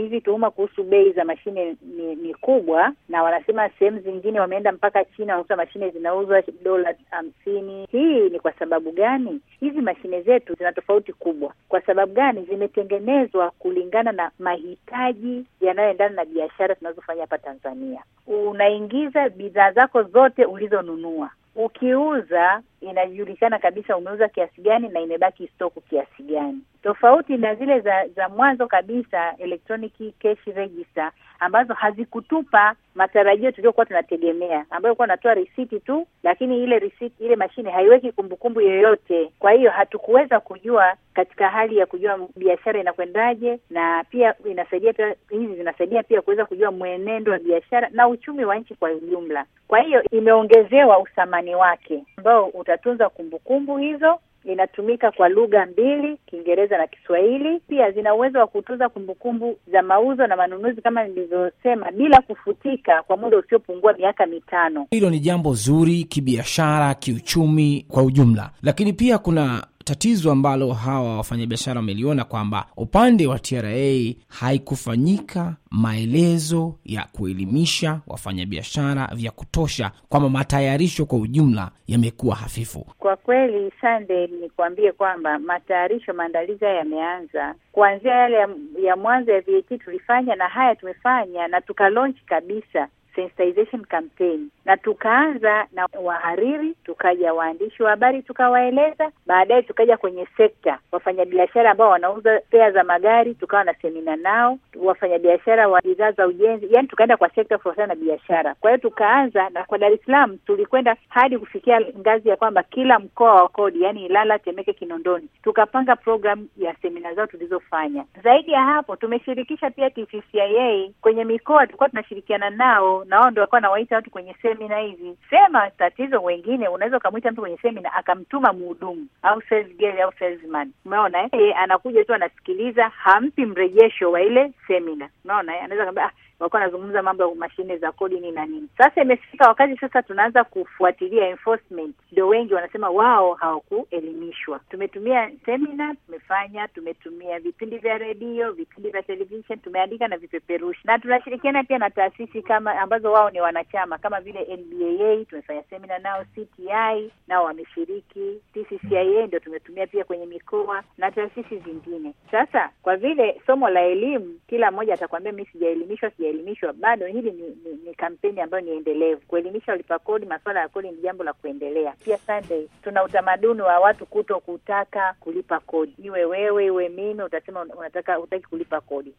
hizi tuhuma kuhusu bei za mashine ni, ni kubwa, na wanasema sehemu zingine wameenda mpaka China, wanakuta mashine zinauzwa dola hamsini. Hii ni kwa sababu gani? Hizi mashine zetu zina tofauti kubwa. Kwa sababu gani? Zimetengenezwa kulingana na mahitaji yanayoendana na biashara tunazofanya hapa Tanzania. Unaingiza bidhaa zako zote ulizonunua ukiuza inajulikana kabisa umeuza kiasi gani na imebaki stoku kiasi gani, tofauti na zile za za mwanzo kabisa electronic cash register ambazo hazikutupa matarajio tuliokuwa tunategemea, ambayo kuwa natoa risiti tu, lakini ile risiti, ile mashine haiweki kumbukumbu yoyote. Kwa hiyo hatukuweza kujua katika hali ya kujua biashara inakwendaje, na pia inasaidia pia, hizi zinasaidia pia kuweza kujua mwenendo wa biashara na uchumi wa nchi kwa ujumla. Kwa hiyo imeongezewa uthamani wake ambao utatunza kumbukumbu kumbu hizo. Inatumika kwa lugha mbili, Kiingereza na Kiswahili. Pia zina uwezo wa kutunza kumbukumbu za mauzo na manunuzi kama nilivyosema, bila kufutika kwa muda usiopungua miaka mitano. Hilo ni jambo zuri kibiashara, kiuchumi kwa ujumla, lakini pia kuna tatizo ambalo hawa wafanyabiashara wameliona kwamba upande wa TRA haikufanyika maelezo ya kuelimisha wafanyabiashara vya kutosha, kwamba matayarisho kwa ujumla yamekuwa hafifu. Kwa kweli, Sande, nikuambie kwamba matayarisho, maandalizi haya yameanza kuanzia yale ya, mwanzo ya VAT tulifanya, na haya tumefanya na tukalonchi kabisa sensitization campaign na tukaanza na wahariri, tukaja waandishi wa habari, tukawaeleza. Baadaye tukaja kwenye sekta, wafanyabiashara ambao wanauza pea za magari, tukawa na semina nao, wafanyabiashara wa bidhaa za ujenzi, yani tukaenda kwa sekta kufuatana na biashara. Kwa hiyo tukaanza na kwa Dar es Salaam tulikwenda hadi kufikia ngazi ya kwamba kila mkoa wa kodi, yani Ilala, Temeke, Kinondoni, tukapanga programu ya semina zao tulizofanya. Zaidi ya hapo, tumeshirikisha pia TCCIA kwenye mikoa, tulikuwa tunashirikiana nao na wao ndio walikuwa nawaita watu kwenye semina semina hivi, sema tatizo. Wengine unaweza ukamwita mtu kwenye semina akamtuma mhudumu au sales girl au salesman, umeona eh? E, anakuja tu anasikiliza, hampi mrejesho wa ile semina, unaona eh? anaweza kaambia ah, walikuwa wanazungumza mambo ya mashine za kodi nini na nini. Sasa imefika wakati sasa tunaanza kufuatilia enforcement, ndio wengi wanasema wao hawakuelimishwa. Tumetumia semina, tumefanya, tumetumia vipindi vya redio, vipindi vya television, tumeandika na vipeperushi, na tunashirikiana pia na taasisi kama ambazo wao ni wanachama kama vile NBAA, tumefanya semina nao, CTI nao wameshiriki, TCCIA ndio tumetumia pia kwenye mikoa na taasisi zingine. Sasa kwa vile somo la elimu, kila mmoja atakwambia mi sijaelimishwa, sija hawajaelimishwa bado. Hili ni, ni, ni kampeni ambayo ni endelevu. Kuelimisha walipa kodi masuala ya kodi ni jambo la kuendelea. Pia Sunday, tuna utamaduni wa watu kuto kutaka kulipa kodi, iwe wewe iwe mimi, utasema unataka hutaki kulipa kodi.